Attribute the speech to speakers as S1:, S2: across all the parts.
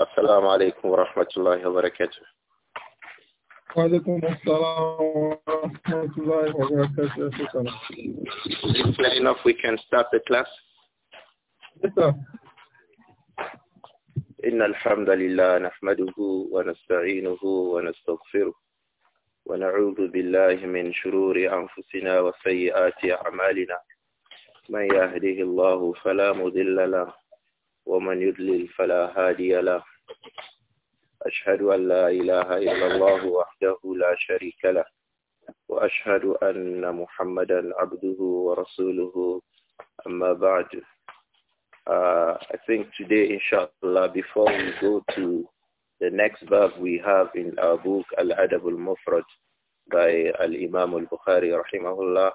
S1: السلام عليكم ورحمة الله وبركاته
S2: وعليكم السلام ورحمة الله وبركاته
S1: Is it enough we can start the class? Yes, sir. إن الحمد لله نحمده ونستعينه ونستغفره ونعوذ بالله من شرور أنفسنا وسيئات أعمالنا من يهده الله فلا مضل له ومن يدلل فلا هادي له أشهد أن لا إله إلا الله وحده لا شريك له وأشهد أن محمدا عبده ورسوله أما بعد Uh, I think today, inshallah, before we go to the next verb we have in our book, Al-Adab al-Mufrad, by Al-Imam al-Bukhari, rahimahullah,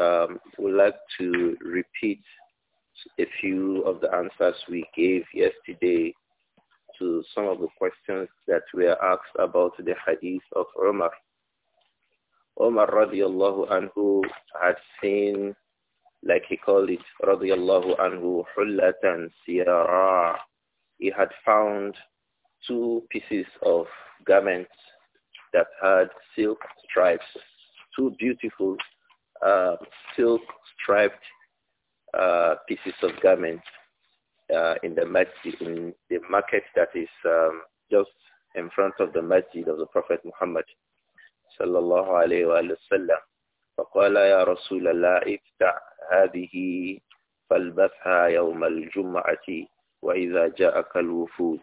S1: um, we'd like to repeat a few of the answers we gave yesterday to some of the questions that were asked about the hadith of Umar. Umar radiallahu anhu had seen, like he called it, radiallahu anhu, hullatan siyara. He had found two pieces of garments that had silk stripes, two beautiful uh, silk striped uh, pieces of garments uh, in the masjid, in the market that is um, just in front of the masjid of the Prophet Muhammad sallallahu alayhi wasallam. فقال يا رسول الله افتع هذه فالبثها يوم الجمعة وإذا جاءك الوفود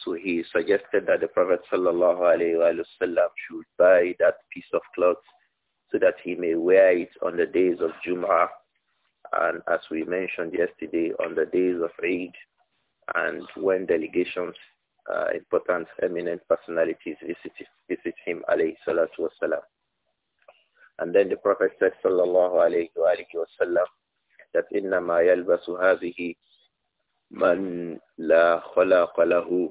S1: so he suggested that the Prophet sallallahu wasallam should buy that piece of cloth so that he may wear it on the days of Jum'ah and as we mentioned yesterday, on the days of Eid and when delegations, uh, important eminent personalities visit, visit him, alayhi salatu wasalam. And then the Prophet said, sallallahu alayhi wa sallam, that إِنَّمَا يَلْبَسُ هَذِهِ مَنْ لَا خَلَقَ لَهُ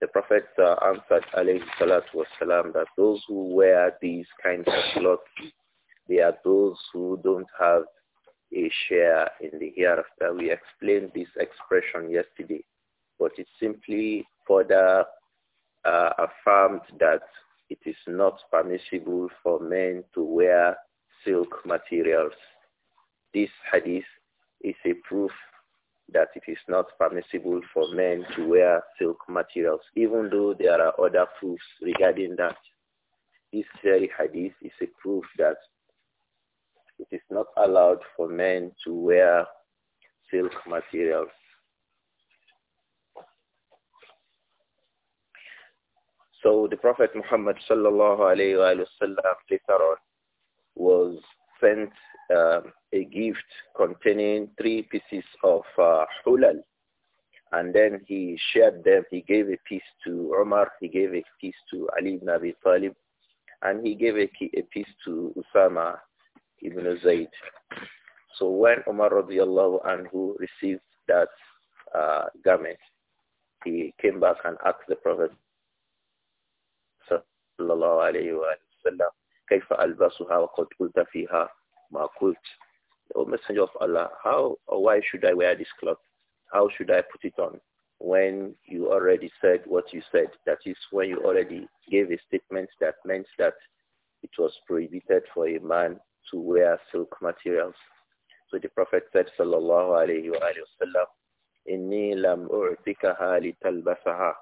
S1: the Prophet uh, answered alayhi salatu wasalam that those who wear these kinds of clothes, they are those who don't have a share in the hereafter. We explained this expression yesterday, but it simply further uh, affirmed that it is not permissible for men to wear silk materials. This hadith is a proof that it is not permissible for men to wear silk materials, even though there are other proofs regarding that. This very hadith is a proof that it is not allowed for men to wear silk materials. So the Prophet Muhammad sallallahu alayhi wa sallam later on was sent um, a gift containing three pieces of uh, hulal. And then he shared them. He gave a piece to Umar. He gave a piece to Ali ibn Abi Talib. And he gave a, a piece to Usama ibn Zayd. So when Umar radiallahu anhu received that uh, garment, he came back and asked the Prophet sallallahu alayhi wa sallam, كيف ألبسها وقد قلت فيها ما قلت O Messenger of Allah, how or why should I wear this cloth? How should I put it on? When you already said what you said, that is when you already gave a statement that meant that it was prohibited for a man to wear silk materials. So the Prophet said, Sallallahu Alaihi Wasallam, Inni lam u'tikaha litalbasaha.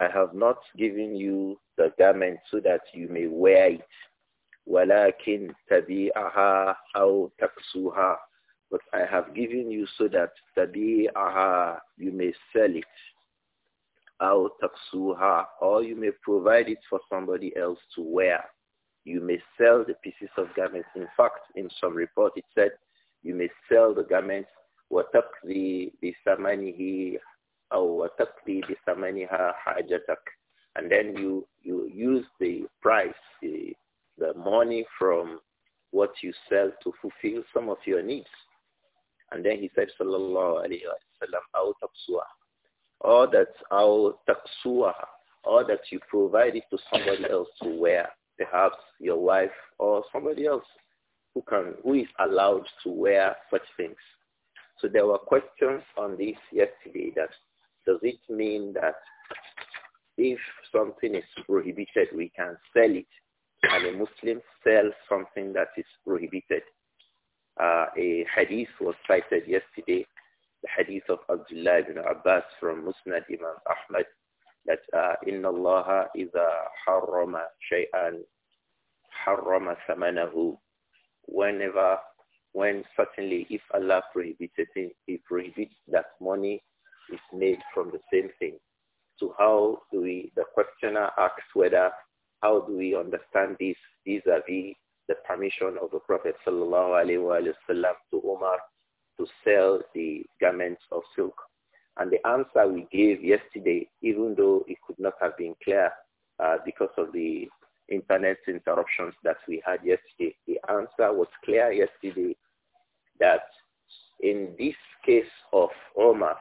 S1: I have not given you the garment so that you may wear it. Walakin tabi'aha aw taksuha. But I have given you so that tabi'aha, you may sell it. Aw taksuha, or you may provide it for somebody else to wear you may sell the pieces of garments. In fact, in some report it said you may sell the garments وَتَقْضِي بِثَمَنِهِ أو وَتَقْضِي بِثَمَنِهَا حَاجَتَكَ And then you, you use the price, the, the money from what you sell to fulfill some of your needs. And then he said, sallallahu alayhi wa sallam, or that or that you provide it to somebody else to wear perhaps your wife or somebody else who can who is allowed to wear such things. So there were questions on this yesterday that does it mean that if something is prohibited we can sell it? Can a Muslim sell something that is prohibited? Uh, a hadith was cited yesterday, the hadith of Abdullah ibn Abbas from Musnad Imam Ahmad that إِنَّ اللَّهَ إِذَا حَرَّمَ شَيْئًا حَرَّمَ ثَمَنَهُ Whenever, when certainly if Allah prohibits it, he prohibits that money is made from the same thing. So how do we, the questioner asks whether, how do we understand this vis-a-vis the permission of the Prophet sallallahu alaihi wasallam to Omar to sell the garments of silk and the answer we gave yesterday, even though it could not have been clear uh, because of the internet interruptions that we had yesterday, the answer was clear yesterday that in this case of Omar,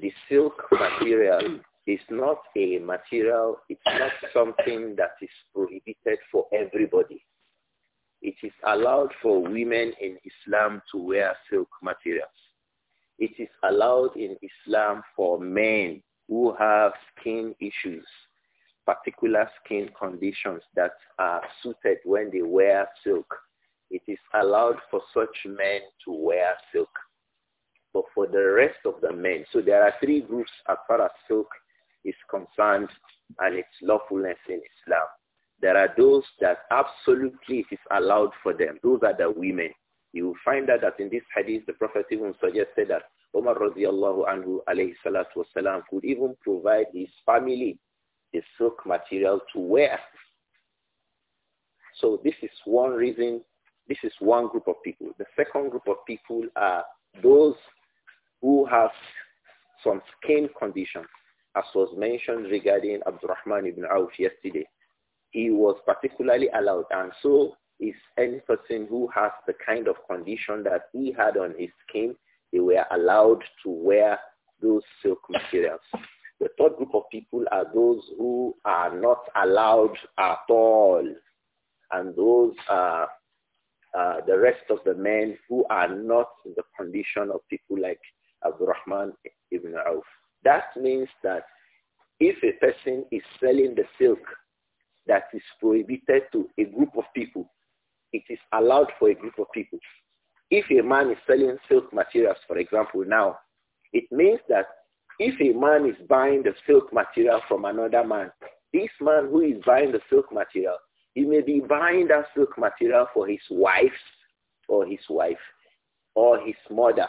S1: the silk material is not a material, it's not something that is prohibited for everybody. It is allowed for women in Islam to wear silk materials. It is allowed in Islam for men who have skin issues, particular skin conditions that are suited when they wear silk. It is allowed for such men to wear silk. But for the rest of the men, so there are three groups as far as silk is concerned and its lawfulness in Islam. There are those that absolutely it is allowed for them. Those are the women. You will find out that in this hadith, the Prophet even suggested that Umar radiallahu anhu alayhi salatu wasalam could even provide his family the silk material to wear. So this is one reason, this is one group of people. The second group of people are those who have some skin conditions, as was mentioned regarding Abdurrahman ibn Auf yesterday. He was particularly allowed, and so is any person who has the kind of condition that he had on his skin, they were allowed to wear those silk materials. The third group of people are those who are not allowed at all. And those are uh, the rest of the men who are not in the condition of people like Rahman ibn Auf. That means that if a person is selling the silk that is prohibited to a group of people, allowed for a group of people. If a man is selling silk materials, for example, now, it means that if a man is buying the silk material from another man, this man who is buying the silk material, he may be buying that silk material for his wife or his wife or his mother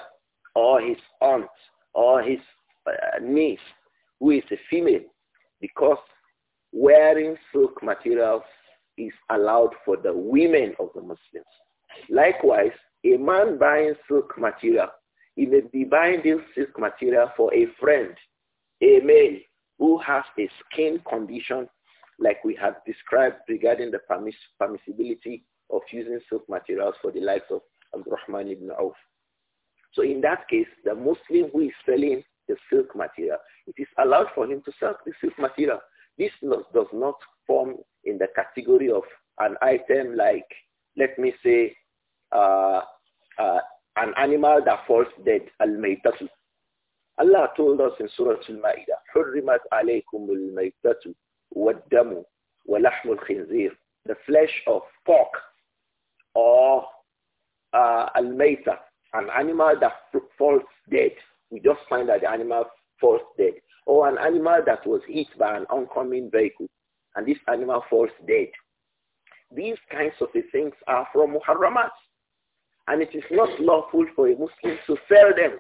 S1: or his aunt or his uh, niece who is a female because wearing silk materials is allowed for the women of the Muslims. Likewise, a man buying silk material, he may be buying this silk material for a friend, a male who has a skin condition like we have described regarding the permiss permissibility of using silk materials for the likes of Abdurrahman ibn Auf. So in that case, the Muslim who is selling the silk material, it is allowed for him to sell the silk material. This does not form in the category of an item like, let me say, uh, uh, an animal that falls dead, al-maytatu. Allah told us in Surah Al-Ma'idah, حُرِّمَتْ عَلَيْكُمُ الْمَيْتَةُ وَالدَّمُ وَلَحْمُ الْخِنْزِيرِ The flesh of pork or uh, al-maytah, an animal that falls dead. We just find that the animal falls dead. Or an animal that was hit by an oncoming vehicle and this animal falls dead. These kinds of things are from Muharramat. And it is not lawful for a Muslim to sell them.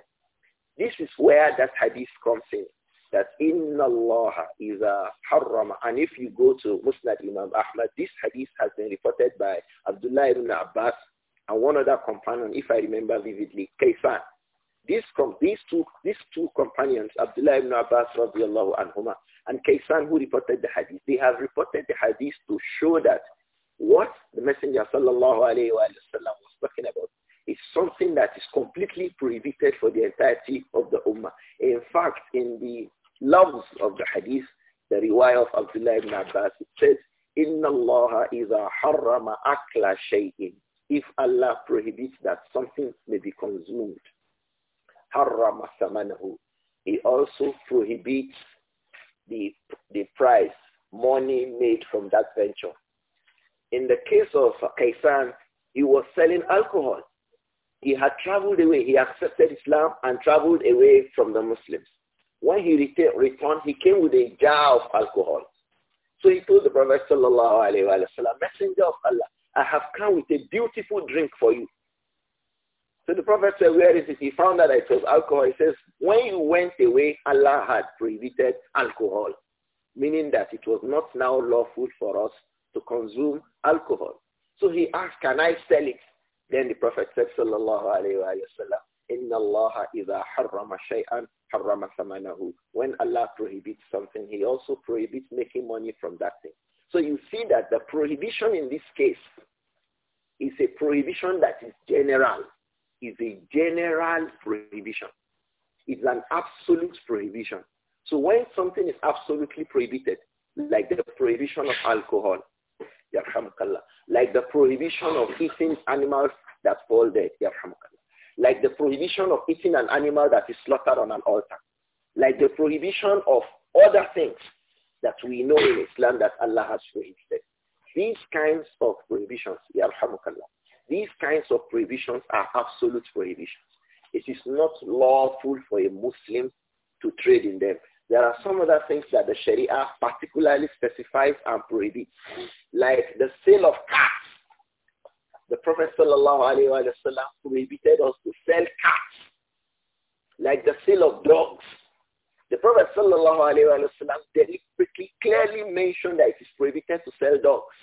S1: This is where that hadith comes in. That inna Allah is a haram. And if you go to Musnad Imam Ahmad, this hadith has been reported by Abdullah ibn Abbas and one other companion, if I remember vividly, Kaysan. These, these, two, these two companions, Abdullah ibn Abbas radiallahu anhuma, and Kaysan who reported the hadith. They have reported the hadith to show that what the Messenger sallallahu alayhi wa was talking about is something that is completely prohibited for the entirety of the Ummah. In fact, in the loves of the hadith, the riwayah of Abdullah ibn Abbas, it says, إِنَّ اللَّهَ إِذَا حَرَّمَ أَكْلَ شَيْءٍ If Allah prohibits that something may be consumed, حَرَّمَ ثَمَنَهُ He also prohibits the, the price, money made from that venture. In the case of Kaisan, he was selling alcohol. He had traveled away. He accepted Islam and traveled away from the Muslims. When he returned, he came with a jar of alcohol. So he told the Prophet sallallahu alaihi wasallam, Messenger of Allah, I have come with a beautiful drink for you. So the prophet said, where is it? He found that it was alcohol. He says, when you went away, Allah had prohibited alcohol, meaning that it was not now lawful for us to consume alcohol. So he asked, can I sell it? Then the prophet said, sallallahu alayhi wa sallam, inna Allah idha harrama shay'an harrama samanahu." When Allah prohibits something, he also prohibits making money from that thing. So you see that the prohibition in this case is a prohibition that is general is a general prohibition. It's an absolute prohibition. So when something is absolutely prohibited, like the prohibition of alcohol, like the prohibition of eating animals that fall dead, like the prohibition of eating an animal that is slaughtered on an altar, like the prohibition of other things that we know in Islam that Allah has prohibited. These kinds of prohibitions, yarhamukallah, these kinds of prohibitions are absolute prohibitions. It is not lawful for a Muslim to trade in them. There are some other things that the Sharia particularly specifies and prohibits, like the sale of cats. The Prophet ﷺ prohibited us to sell cats, like the sale of dogs. The Prophet ﷺ deliberately clearly mentioned that it is prohibited to sell dogs,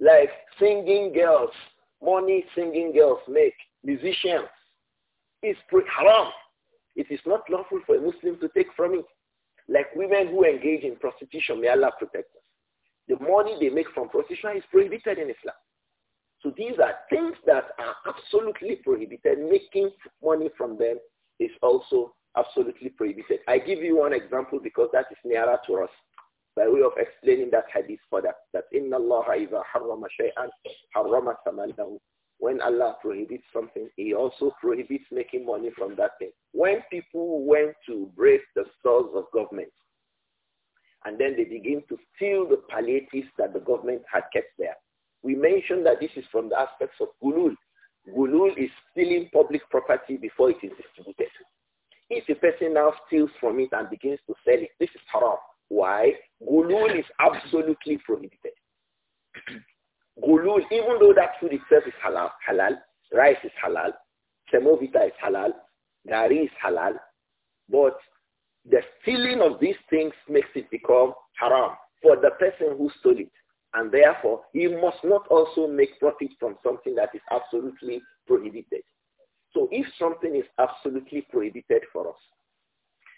S1: like singing girls, money singing girls make, musicians, is haram. It is not lawful for a Muslim to take from it. Like women who engage in prostitution, may Allah protect us. The money they make from prostitution is prohibited in Islam. So these are things that are absolutely prohibited. Making money from them is also absolutely prohibited. I give you one example because that is nearer to us by way of explaining that hadith further, that إِنَّ اللَّهَ إِذَا حَرَّمَ شَيْئًا حَرَّمَ When Allah prohibits something, he also prohibits making money from that thing. When people went to break the stores of government, and then they begin to steal the palliatives that the government had kept there. We mentioned that this is from the aspects of gulul. Gulul is stealing public property before it is distributed. If a person now steals from it and begins to sell it, this is haram. Why gulul is absolutely prohibited. gulul, even though that food itself is halal, halal, rice is halal, semovita is halal, gari is halal, but the stealing of these things makes it become haram for the person who stole it. And therefore, he must not also make profit from something that is absolutely prohibited. So if something is absolutely prohibited for us,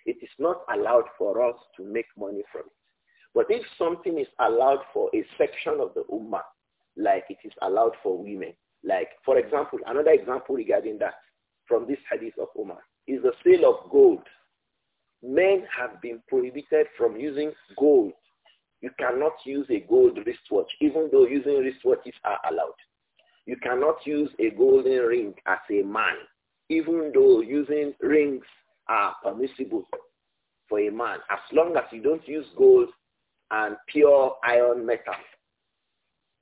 S1: it is not allowed for us to make money from it. But if something is allowed for a section of the ummah, like it is allowed for women, like for example, another example regarding that from this hadith of Umar is the sale of gold. Men have been prohibited from using gold. You cannot use a gold wristwatch, even though using wristwatches are allowed. You cannot use a golden ring as a man, even though using rings are permissible for a man as long as you don't use gold and pure iron metal.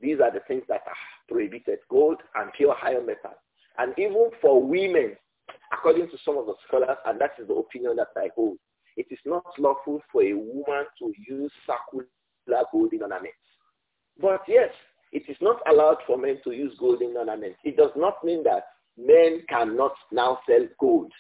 S1: These are the things that are prohibited, gold and pure iron metal. And even for women, according to some of the scholars, and that is the opinion that I hold, it is not lawful for a woman to use circular golden ornaments. But yes, it is not allowed for men to use golden ornaments. It does not mean that men cannot now sell gold.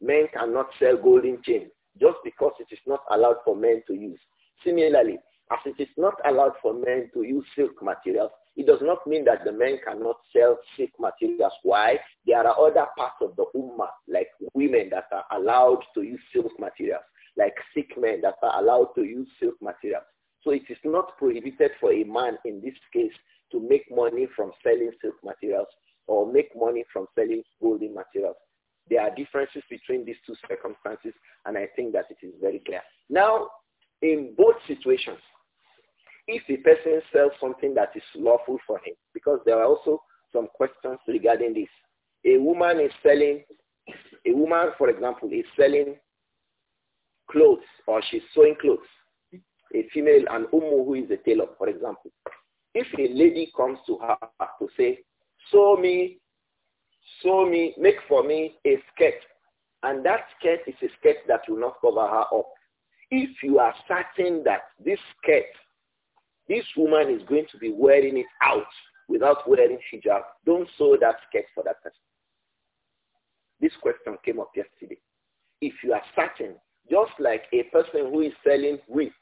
S1: Men cannot sell golden chain just because it is not allowed for men to use. Similarly, as it is not allowed for men to use silk materials, it does not mean that the men cannot sell silk materials. Why? There are other parts of the ummah, like women that are allowed to use silk materials, like sick men that are allowed to use silk materials. So it is not prohibited for a man in this case to make money from selling silk materials or make money from selling golden materials. There are differences between these two circumstances, and I think that it is very clear. Now, in both situations, if the person sells something that is lawful for him, because there are also some questions regarding this. A woman is selling, a woman, for example, is selling clothes or she's sewing clothes. A female, an umu who is a tailor, for example. If a lady comes to her to say, sew me sew me, make for me a skirt. And that skirt is a skirt that will not cover her up. If you are certain that this skirt, this woman is going to be wearing it out without wearing hijab, don't sew that skirt for that person. This question came up yesterday. If you are certain, just like a person who is selling wheat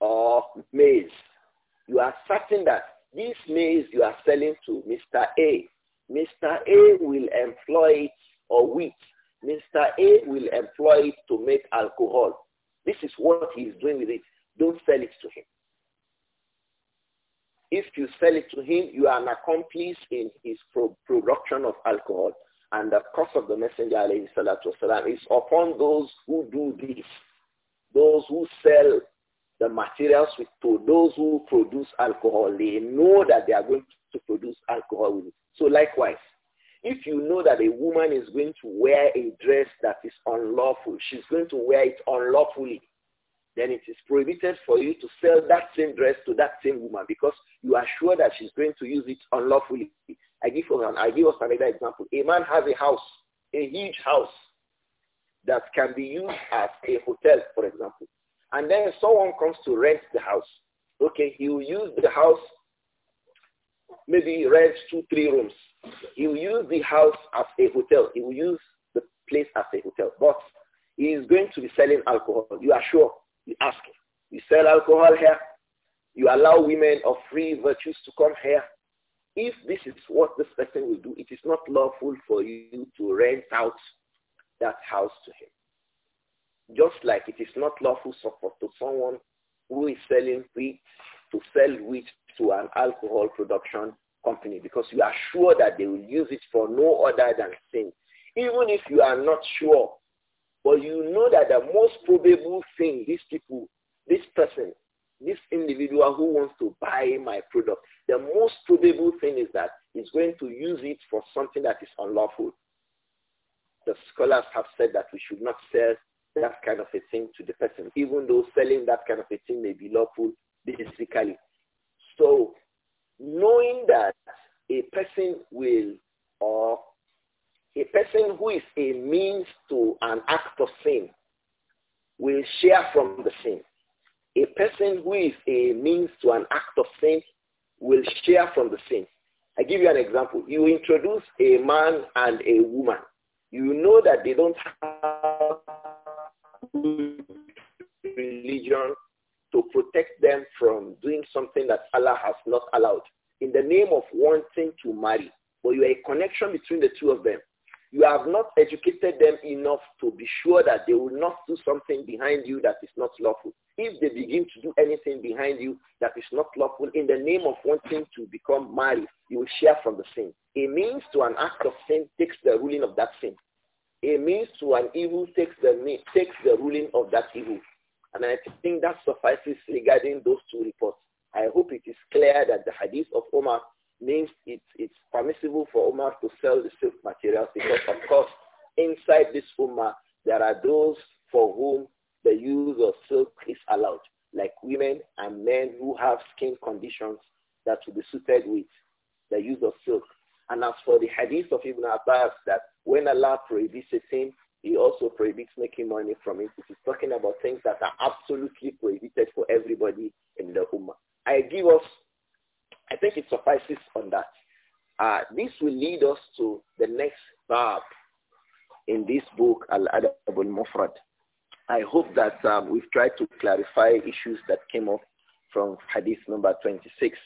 S1: or maize, you are certain that this maize you are selling to Mr. A Mr. A will employ it or wheat. Mr. A will employ it to make alcohol. This is what he is doing with it. Don't sell it to him. If you sell it to him, you are an accomplice in his pro production of alcohol. And the curse of the Messenger والسلام, is upon those who do this, those who sell the materials with, to those who produce alcohol. They know that they are going to produce alcohol with it. So likewise, if you know that a woman is going to wear a dress that is unlawful, she's going to wear it unlawfully, then it is prohibited for you to sell that same dress to that same woman because you are sure that she's going to use it unlawfully. I give, an, I give us another example. A man has a house, a huge house that can be used as a hotel, for example. And then someone comes to rent the house. Okay, he will use the house maybe rent two, three rooms. He will use the house as a hotel. He will use the place as a hotel. But he is going to be selling alcohol. You are sure? You ask him. You sell alcohol here. You allow women of free virtues to come here. If this is what this person will do, it is not lawful for you to rent out that house to him. Just like it is not lawful for to someone who is selling wheat to sell wheat to an alcohol production company because you are sure that they will use it for no other than sin. Even if you are not sure, but you know that the most probable thing these people, this person, this individual who wants to buy my product, the most probable thing is that he's going to use it for something that is unlawful. The scholars have said that we should not sell that kind of a thing to the person, even though selling that kind of a thing may be lawful basically. So knowing that a person will or a person who is a means to an act of sin will share from the sin. A person who is a means to an act of sin will share from the sin. I give you an example. You introduce a man and a woman. You know that they don't have religion to protect them from doing something that Allah has not allowed in the name of wanting to marry. But you are a connection between the two of them. You have not educated them enough to be sure that they will not do something behind you that is not lawful. If they begin to do anything behind you that is not lawful in the name of wanting to become married, you will share from the sin. A means to an act of sin takes the ruling of that sin. A means to an evil takes the, takes the ruling of that evil. And I think that suffices regarding those two reports. I hope it is clear that the hadith of Omar means it's, it's permissible for Omar to sell the silk materials because of course inside this Ummah there are those for whom the use of silk is allowed, like women and men who have skin conditions that will be suited with the use of silk. And as for the hadith of Ibn Abbas that when Allah prohibits a thing, he also prohibits making money from it. He's talking about things that are absolutely prohibited for everybody in the Ummah. I give us, I think it suffices on that. Uh, this will lead us to the next part in this book, Al-Adab al-Mufrad. I hope that um, we've tried to clarify issues that came up from hadith number 26.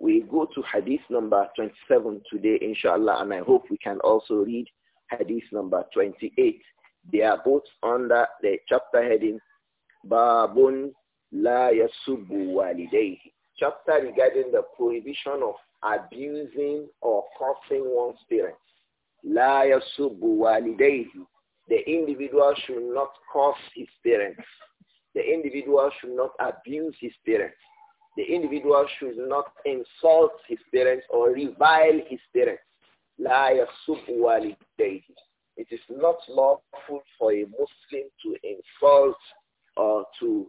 S1: We go to hadith number 27 today, inshallah, and I hope we can also read hadith number 28. They are both under the chapter heading Babun La Yasubu Walidayhi. Chapter regarding the prohibition of abusing or cursing one's parents. La Yasubu Walidayhi. The individual should not curse his parents. The individual should not abuse his parents. The individual should not insult his parents or revile his parents. It is not lawful for a Muslim to insult or to,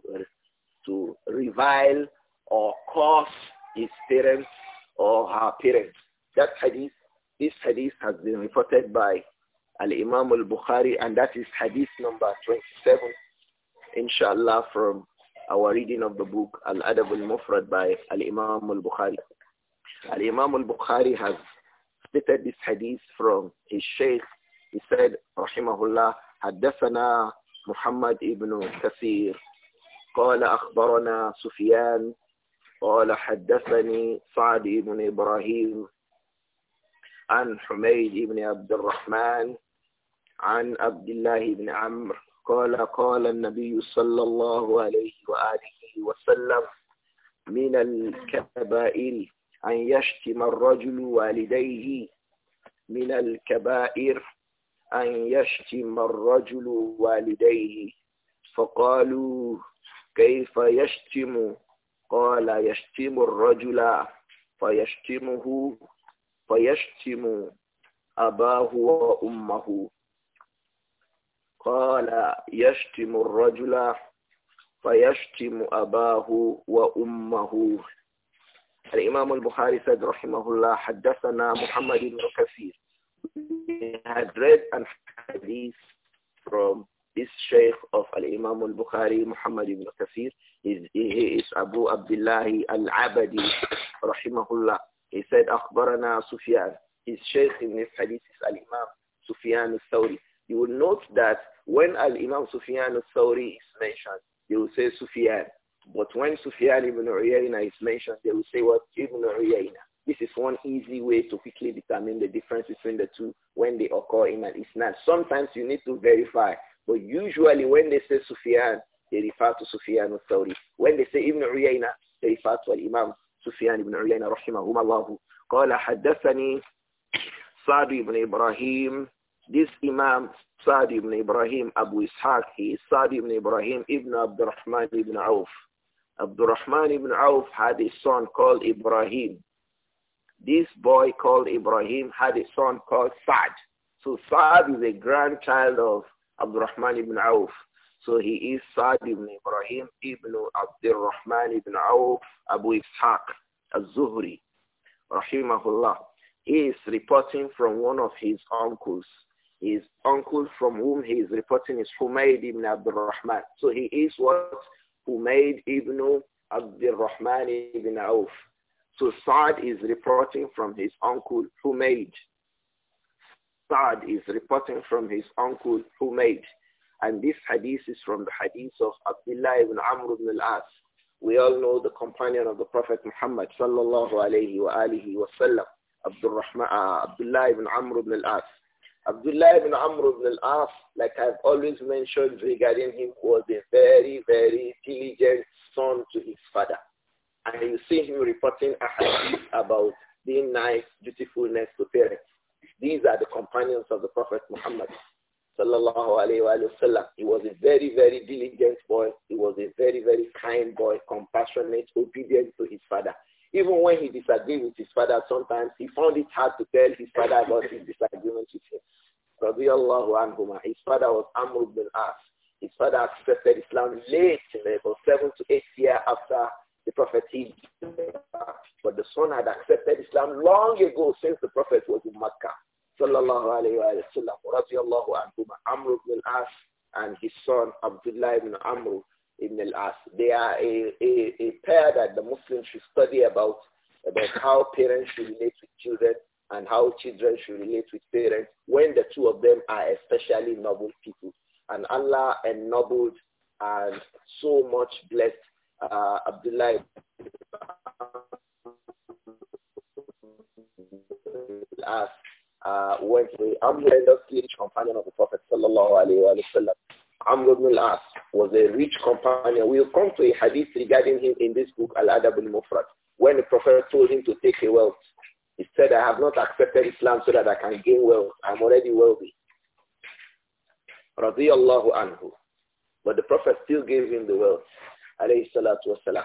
S1: to revile or curse his parents or her parents. That hadith, this hadith has been reported by Al-Imam al-Bukhari and that is hadith number 27, inshallah, from our reading of the book Al-Adab al-Mufrad by Al-Imam al-Bukhari. Al-Imam al-Bukhari has stated this hadith from his sheikh. He said, Rahimahullah, حدثنا محمد ابن كثير قال أخبرنا سفيان قال حدثني سعد بن إبراهيم عن حميد بن عبد الرحمن عن عبد الله بن عمرو قال قال النبي صلى الله عليه وآله وسلم من الكبائر أن يشتم الرجل والديه من الكبائر أن يشتم الرجل والديه فقالوا كيف يشتم قال يشتم الرجل فيشتمه فيشتم أباه وأمه قال يشتم الرجل فيشتم أباه وأمه الإمام البخاري said رحمه الله حدثنا محمد بن كثير He had read a hadith from this sheikh of imam al-Bukhari, Muhammad ibn Kafir. He, is Abu Abdullah al-Abadi, rahimahullah. He said, Akhbarana Sufyan. His sheikh in this hadith is imam Sufyan al-Thawri. You will note that when imam Sufyan al-Thawri is mentioned, you will say Sufyan. But when Sufyan ibn Uyayna is mentioned, they will say what ibn Uyayna. This is one easy way to quickly determine the difference between the two when they occur in an isnad. Sometimes you need to verify, but usually when they say Sufyan, they refer to Sufyan al-Thawri. When they say Ibn Uyayna, they refer to Imam Sufyan ibn Uyayna rahimahum Allah. قال حدثني Sa'd ibn Ibrahim. This Imam Sa'd ibn Ibrahim Abu Ishaq, he is Sa'd ibn Ibrahim ibn Abdurrahman ibn Auf. Abdul Rahman ibn Auf had a son called Ibrahim. This boy called Ibrahim had a son called Saad. So Saad is a grandchild of Abdul Rahman ibn Auf. So he is Saad ibn Ibrahim ibn Rahman ibn Auf Abu Ishaq al-Zuhri. Rahimahullah. He is reporting from one of his uncles. His uncle from whom he is reporting is Humayd ibn Abdul Rahman. So he is what who made ibn Abdul Rahman ibn Auf. So Saad is reporting from his uncle Humayd. Saad is reporting from his uncle made, And this hadith is from the hadith of Abdullah ibn Amr ibn al-As. We all know the companion of the Prophet Muhammad sallallahu alayhi wa alihi wa sallam, uh, Abdullah ibn Amr ibn al-As. Abdullah ibn Amr ibn al-As, like I've always mentioned regarding him, was a very, very diligent son to his father. And you see him reporting about being nice, dutifulness to parents. These are the companions of the Prophet Muhammad. Sallallahu alayhi wa He was a very, very diligent boy. He was a very, very kind boy, compassionate, obedient to his father. Even when he disagreed with his father, sometimes he found it hard to tell his father about his disagreement with him. Anhuma. His father was Amr ibn As. His father accepted Islam late, about seven to eight years after the prophet he But the son had accepted Islam long ago since the prophet was in Makkah.
S2: Sallallahu
S1: alayhi wa sallam. Amr ibn As and his son Abdullah ibn Amr in the as They are a, a, a pair that the Muslims should study about, about how parents should relate with children and how children should relate with parents when the two of them are especially noble people. And Allah ennobled and so much blessed uh, Abdullah as uh, when the unrelentlessly companion of the Prophet sallallahu alaihi wasallam. Amr ibn al-As was a rich companion. We'll come to a hadith regarding him in this book, Al-Adab al-Mufrad. When the Prophet told him to take a wealth, he said, I have not accepted Islam so that I can gain wealth. I'm already wealthy. Radiallahu anhu. But the Prophet still gave him the wealth. Alayhi salatu wasalam.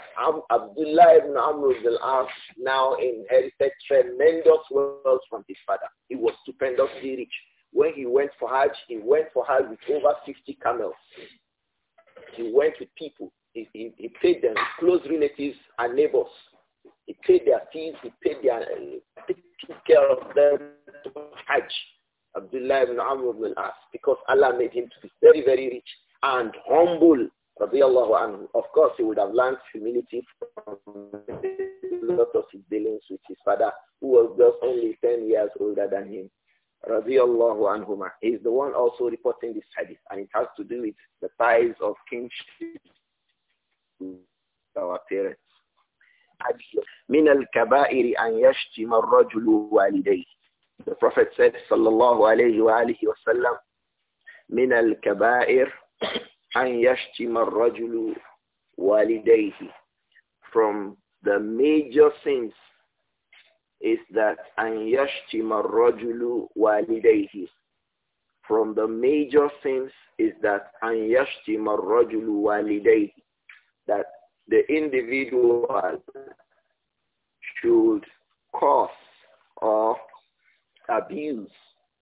S1: Abdullah ibn Amr ibn al-As now inherited tremendous wealth from his father. He was stupendously rich. When he went for Hajj, he went for Hajj with over 50 camels. He went with people. He, he, he paid them close relatives and neighbors. He paid their fees. He paid their, uh, took care of them to Hajj. Abdullah ibn Amr because Allah made him to be very, very rich and humble. Anhu. Of course, he would have learned humility from a lot of his dealings with his father, who was just only 10 years older than him radiallahu anhuma. is the one also reporting this hadith, and it has to do with the ties of kinship to our parents. من الكبائر أن يشتم الرجل والديه. The Prophet said, sallallahu alayhi wa sallam, من الكبائر أن يشتم الرجل والديه. From the major sins is that أن يشتم الرجل والديه from the major sins is that أن يشتم الرجل والديه that the individual should curse or abuse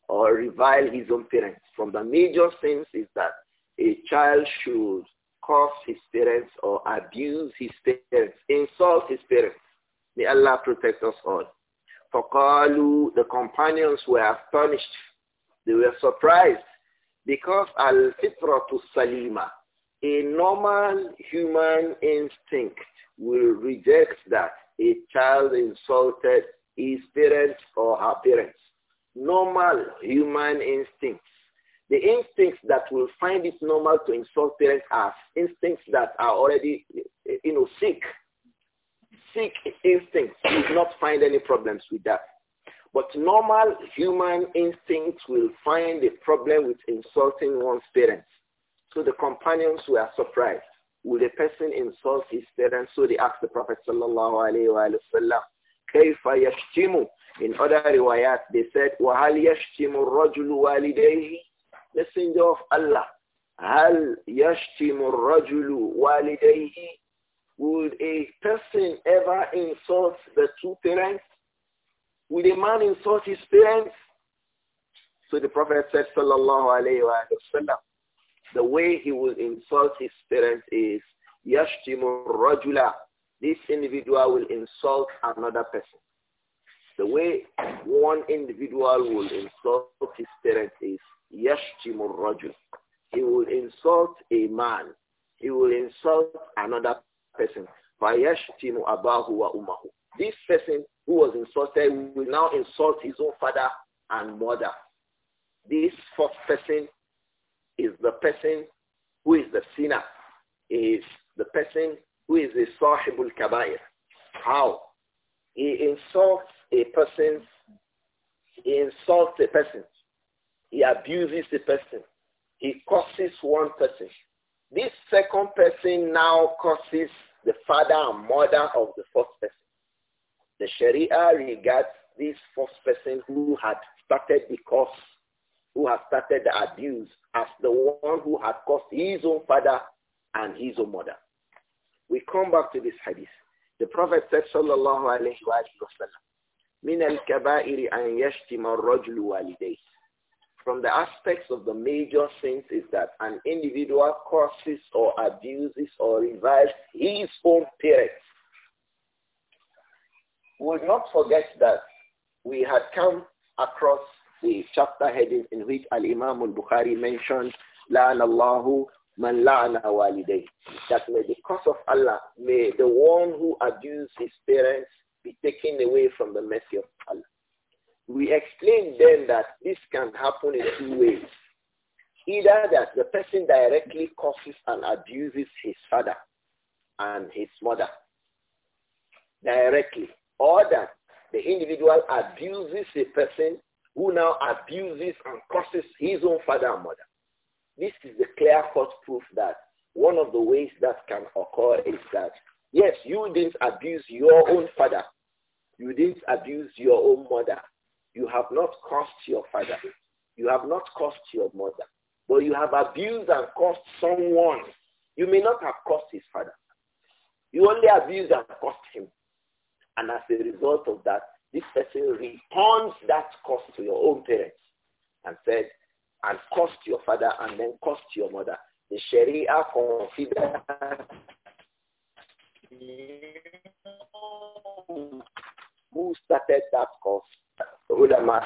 S1: or revile his own parents. From the major sins is that a child should curse his parents or abuse his parents, insult his parents. May Allah protect us all. فَقَالُوا The companions were astonished. They were surprised because al-fitratu salima, a normal human instinct will reject that a child insulted his parents or her parents. Normal human instincts. The instincts that will find it normal to insult parents are instincts that are already, you know, sick basic instincts, will not find any problems with that. But normal human instinct will find a problem with insulting one's parents. So the companions were surprised. Will the person insult his parents? So they asked the Prophet sallallahu alayhi wa sallam, كيف يشتم in other riwayat, they said, وَهَلْ يَشْتِمُ الرَّجُلُ وَالِدَيْهِ Messenger of Allah, هَلْ يَشْتِمُ الرَّجُلُ وَالِدَيْهِ would a person ever insult the two parents? Would a man insult his parents? So the Prophet said, Sallallahu Alaihi Wasallam, the way he will insult his parents is, Yashtimu Rajula. This individual will insult another person. The way one individual will insult his parents is, Yashtimu Rajul. He will insult a man. He will insult another person. This person who was insulted will now insult his own father and mother. This fourth person is the person who is the sinner, is the person who is the sahibul kabair. How? He insults a person, he insults a person, he abuses a person, he curses one person. This second person now curses the father and mother of the first person. The Sharia regards this first person who had started the cause, who had started the abuse, as the one who had caused his own father and his own mother. We come back to this hadith. The Prophet said, Sallallahu Alaihi Wasallam, من الكبائر أن يشتم الرجل والديه from the aspects of the major sins is that an individual curses or abuses or reviles his own parents. We'll not forget that we had come across the chapter heading in which Al-Imam al-Bukhari mentioned لَعَنَ اللَّهُ مَنْ لَعَنَ وَالِدَيْهِ That may the curse of Allah, may the one who abuses his parents be taken away from the mercy of Allah. We explained then that this can happen in two ways. Either that the person directly causes and abuses his father and his mother directly, or that the individual abuses a person who now abuses and curses his own father and mother. This is the clear-cut proof that one of the ways that can occur is that, yes, you didn't abuse your own father. You didn't abuse your own mother. You have not cursed your father. You have not cursed your mother. But you have abused and cursed someone. You may not have cursed his father. You only abused and cursed him. And as a result of that, this person returns that cost to your own parents and said, and cost your father and then cost your mother. The Sharia considers who started that cost ulama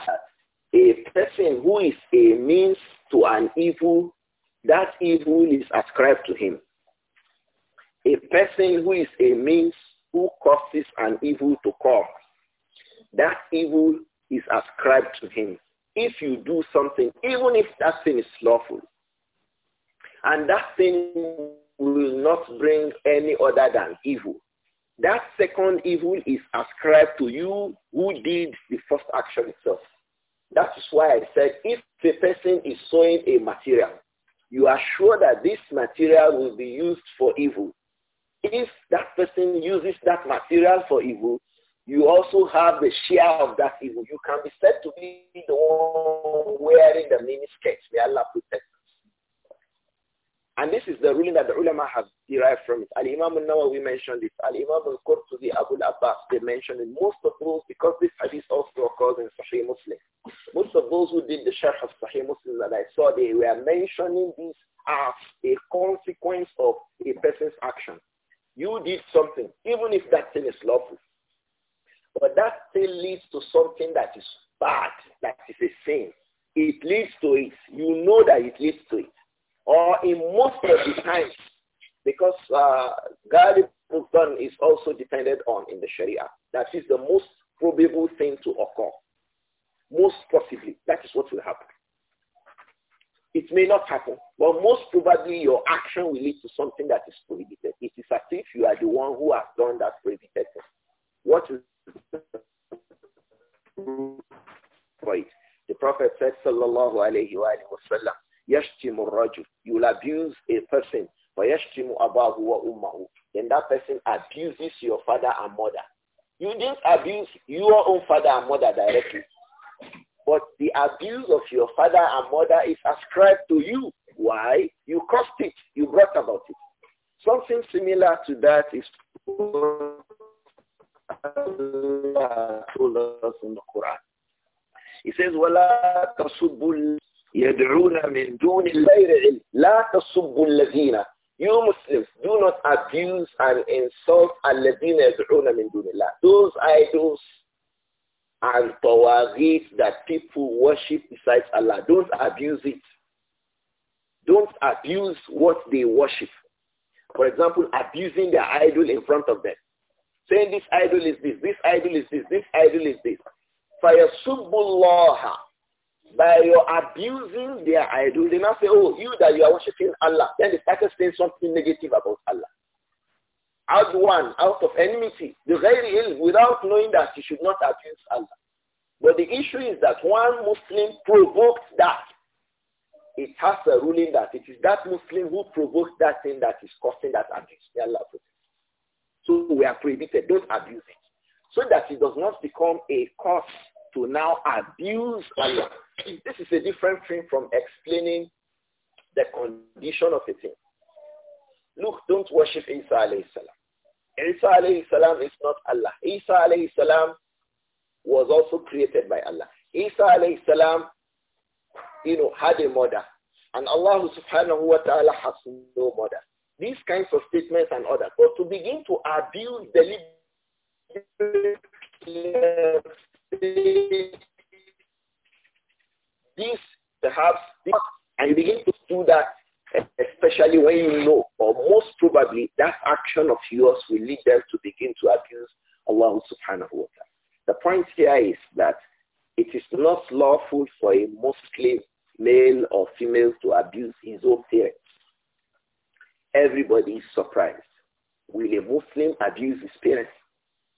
S1: a person who is a means to an evil, that evil is ascribed to him. A person who is a means who causes an evil to come, that evil is ascribed to him. If you do something, even if that thing is lawful, and that thing will not bring any other than evil, that second evil is ascribed to you who did the first action itself. That is why I said if a person is sowing a material, you are sure that this material will be used for evil. If that person uses that material for evil, you also have the share of that evil. You can be said to be the one wearing the miniskirt. May Allah protect and this is the ruling that the ulama have derived from it. Al-Imam al-Nawawi mentioned this. Al-Imam al-Qurtubi, Abu al-Abbas, they mentioned it. Most of those, because this hadith also occurs in Sahih Muslim. Most of those who did the sharh of Sahih Muslim that I saw, they were mentioning this as a consequence of a person's action. You did something, even if that thing is lawful. But that still leads to something that is bad, that is a sin. It leads to it. You know that it leads to it or in most of the times, because uh, Ghalib is also depended on in the Sharia. That is the most probable thing to occur. Most possibly, that is what will happen. It may not happen, but most probably your action will lead to something that is prohibited. It is as if you are the one who has done that prohibited thing. What is for The Prophet said, Sallallahu Alaihi Wasallam, yashtimu rajul. You will abuse a person. وَيَشْتِمُ أَبَاهُ Then that person abuses your father and mother. You didn't abuse your own father and mother directly. But the abuse of your father and mother is ascribed to you. Why? You caused it. You brought about it. Something similar to that is told us in the Quran. He says, يدعون من دون الله لا تسبوا الذين You Muslims, do not abuse and insult الذين يدعون من دون الله. Those idols and tawaghit that people worship besides Allah. Don't abuse it. Don't abuse what they worship. For example, abusing their idol in front of them. Saying this idol is this, this idol is this, this idol is this. فَيَسُبُّ اللَّهَ by your abusing their idol, they now say, oh, you that you are worshipping Allah. Then they started saying something negative about Allah. Out one, out of enmity, the very ill, without knowing that you should not abuse Allah. But the issue is that one Muslim provoked that. It has a ruling that it is that Muslim who provoked that thing that is causing that abuse. Allah So we are prohibited. Don't abuse it. So that it does not become a cause to now abuse Allah. This is a different thing from explaining the condition of a thing. Look, don't worship Isa alayhi salam. Isa alayhi salam is not Allah. Isa alayhi salam was also created by Allah. Isa alayhi salam, you know, had a mother. And Allah subhanahu wa ta'ala has no mother. These kinds of statements and others. But to begin to abuse the this perhaps, this, and you begin to do that, especially when you know, or most probably, that action of yours will lead them to begin to abuse Allah subhanahu wa ta'ala. The point here is that it is not lawful for a Muslim male or female to abuse his own parents. Everybody is surprised. Will a Muslim abuse his parents?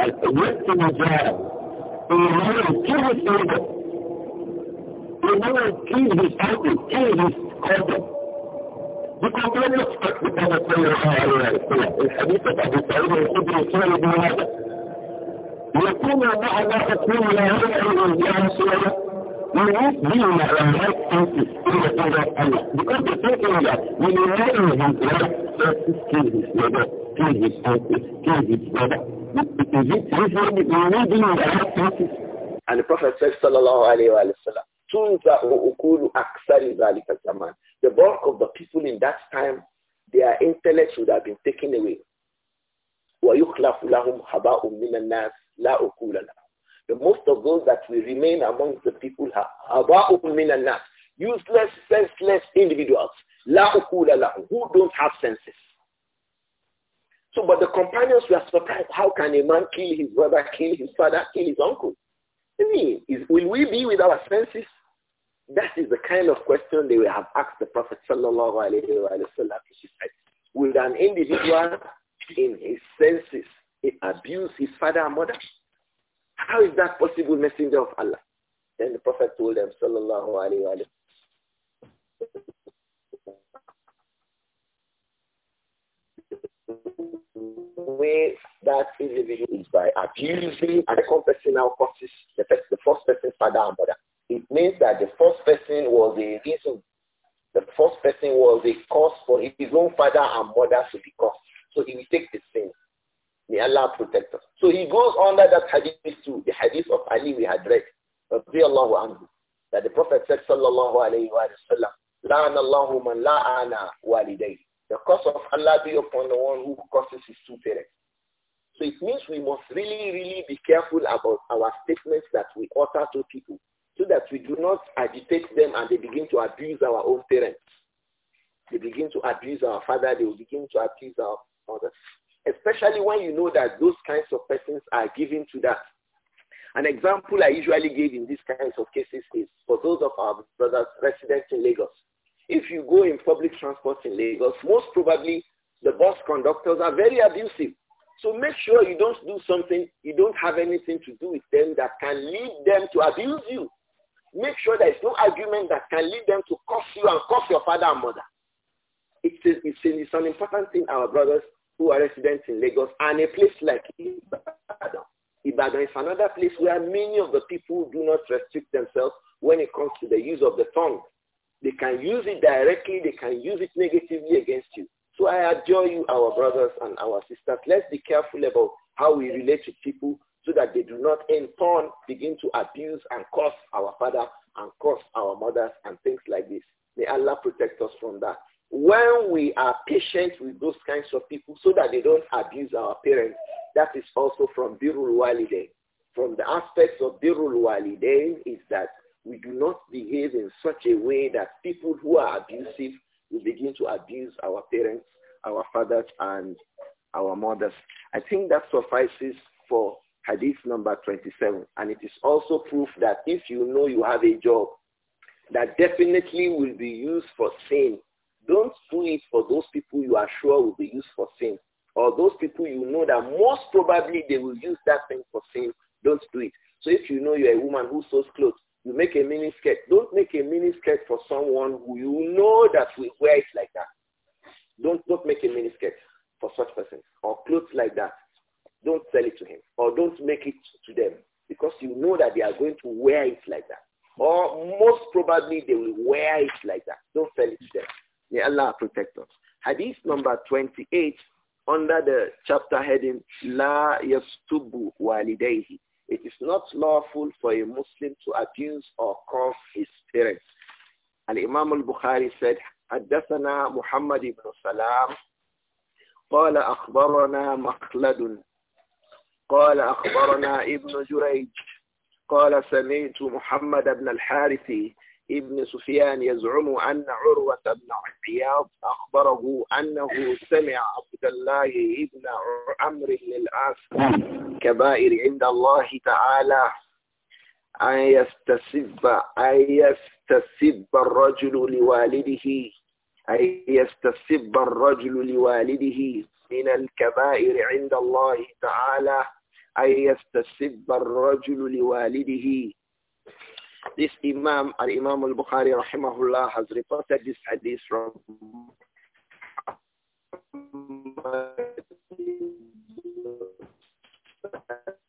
S2: الوقت مجال انه هو يكيل السيدة انه هو يكيل بيستعطي يكيل بيستعطي دي كنتين نفتك بكما صلى الله عليه وسلم الحديثة أبو سعيد الخدري سؤال ابن ماذا يكون مع ما تكون لا يعلم يا رسول الله يريد بينا رمضان تنسي إلى تنظر الله بكل تنسي الله من يريد من تنسي كيف يستعطي
S1: كيف يستعطي كيف يستعطي and the Prophet said, Sallallahu Alaihi Wasallam, the bulk of the people in that time, their intellects would have been taken away. The most of those that will remain amongst the people are useless, senseless individuals who don't have senses. So, but the companions were surprised. How can a man kill his brother, kill his father, kill his uncle? I mean, is, will we be with our senses? That is the kind of question they will have asked the Prophet sallallahu alaihi wasallam. Would an individual in his senses abuse his father and mother? How is that possible, messenger of Allah? Then the Prophet told them, sallallahu alaihi wasallam, way that individual is by abusing and the second person now causes the, first, the first person's father and mother. It means that the first person was a reason. The first person was a cause for his own father and mother to be cursed. So he will take the sin. May Allah protect us. So he goes under that hadith too, the hadith of Ali we had read, anhu, that the Prophet said, sallallahu alayhi wasallam, sallam, لعن الله من لعن the curse of Allah be upon the one who curses his two parents. So it means we must really, really be careful about our statements that we utter to people so that we do not agitate them and they begin to abuse our own parents. They begin to abuse our father. They will begin to abuse our mother. Especially when you know that those kinds of persons are given to that. An example I usually give in these kinds of cases is for those of our brothers resident in Lagos. If you go in public transport in Lagos, most probably the bus conductors are very abusive. So make sure you don't do something, you don't have anything to do with them that can lead them to abuse you. Make sure there is no argument that can lead them to curse you and curse your father and mother. It's, a, it's, a, it's an important thing our brothers who are residents in Lagos and a place like Ibadan. Ibadan is another place where many of the people do not restrict themselves when it comes to the use of the tongue. They can use it directly. They can use it negatively against you. So I adjure you, our brothers and our sisters, let's be careful about how we relate to people so that they do not in turn begin to abuse and curse our father and curse our mothers and things like this. May Allah protect us from that. When we are patient with those kinds of people so that they don't abuse our parents, that is also from Birul Walidain. From the aspects of Birul Walidain is that we do not behave in such a way that people who are abusive will begin to abuse our parents, our fathers, and our mothers. I think that suffices for hadith number 27. And it is also proof that if you know you have a job that definitely will be used for sin, don't do it for those people you are sure will be used for sin or those people you know that most probably they will use that thing for sin. Don't do it. So if you know you're a woman who sews clothes, you make a mini skirt. Don't make a mini skirt for someone who you know that will wear it like that. Don't don't make a mini skirt for such person or clothes like that. Don't sell it to him or don't make it to them because you know that they are going to wear it like that. Or most probably they will wear it like that. Don't sell it to them. May Allah protect us. Hadith number 28 under the chapter heading La Yastubu Walidayhi. It is not lawful for a Muslim to abuse or curse his parents. And Imam al-Bukhari said, حدثنا محمد بن سلام قال أخبرنا مخلد قال أخبرنا ابن جريج قال سمعت محمد بن الحارث ابن سفيان يزعم أن عروة بن عياض أخبره أنه سمع عبد الله بن عمرو للعاص كبائر عند الله تعالى أن يستسب أن يستسب الرجل لوالده أن يستسب الرجل لوالده من الكبائر عند الله تعالى أن يستسب الرجل لوالده This Imam, Al-Imam Al-Bukhari, rahimahullah, has reported this hadith from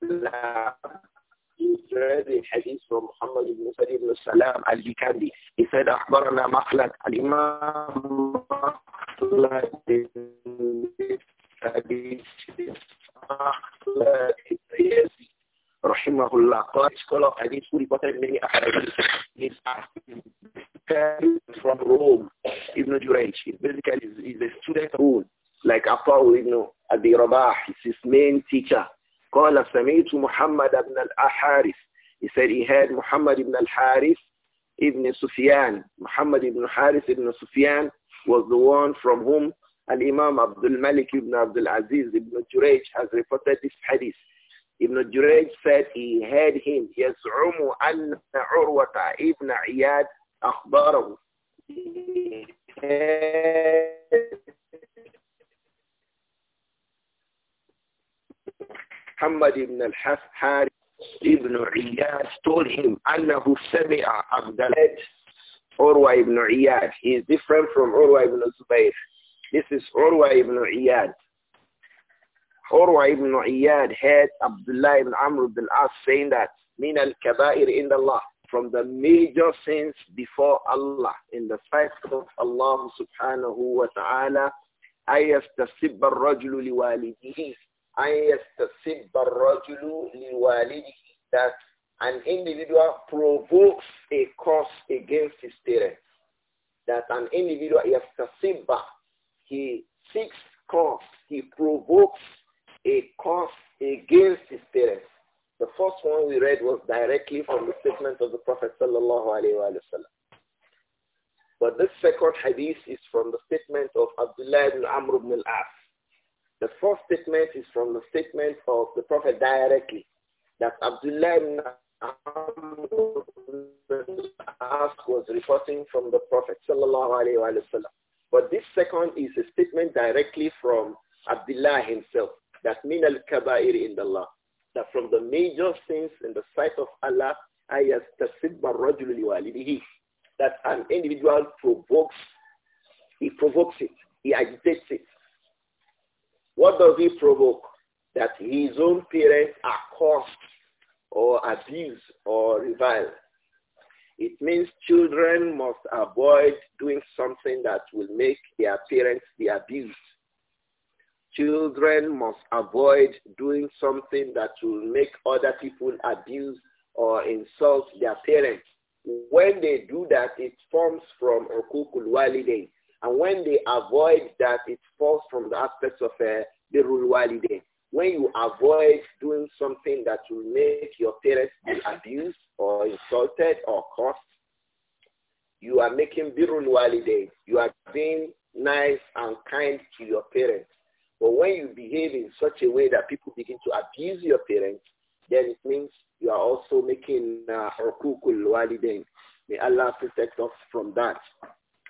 S1: the hadith from Muhammad ibn Salim ibn Salam al-Jikandi. He said, أخبرنا مخلد
S2: الإمام مخلد
S1: rahimahullah, called scholar of hadith who reported many ahadith, is from Rome, Ibn Juraj. basically he's a student of Rome, like Afaw Ibn Abi Rabah. He's his main teacher. to Muhammad ibn al الأحارث He said he had Muhammad ibn al-Harith ibn Sufyan. Muhammad ibn al Harith ibn Sufyan was the one from whom Al-Imam Abdul Malik ibn Abdul Aziz ibn Juraj has reported his hadith. Ibn Jurayj said he heard him, يزعم أن عروة ابن عياد أخبره.
S2: He
S1: Muhammad ibn al-Harith ibn Iyad told him, أنه سمع Abdalad Urwa ibn Iyad. He is different from Urwa ibn Zubayr. This is Urwa ibn Iyad. Urwa ibn Iyad heard Abdullah ibn Amr ibn as saying that, Min al-kabair in Allah, from the major sins before Allah, in the sight of Allah subhanahu wa ta'ala, أن يستسب الرجل لوالده أن يستسب الرجل لوالده that an individual provokes a curse against his parents that an individual يستسب he seeks curse he provokes a curse against his parents. The first one we read was directly from the statement of the Prophet sallallahu alaihi wasallam. But this second hadith is from the statement of Abdullah ibn Amr ibn al-As. The first statement is from the statement of the Prophet directly that Abdullah ibn Amr ibn al-As was reporting from the Prophet sallallahu alaihi wasallam. But this second is a statement directly from Abdullah himself that min al-kabair in law that from the major sins in the sight of Allah, that an individual provokes, he provokes it, he agitates it. What does he provoke? That his own parents are cursed or abused or reviled. It means children must avoid doing something that will make their parents be abused Children must avoid doing something that will make other people abuse or insult their parents. When they do that, it forms from ukukul walidain. And when they avoid that, it falls from the aspects of uh, birrul walidain. When you avoid doing something that will make your parents be abused or insulted or cursed, you are making birrul walidain. You are being nice and kind to your parents. But when you behave in such a way that people begin to abuse your parents, then it means you are also making uh, hukukul uh, walidain. May Allah protect us from that.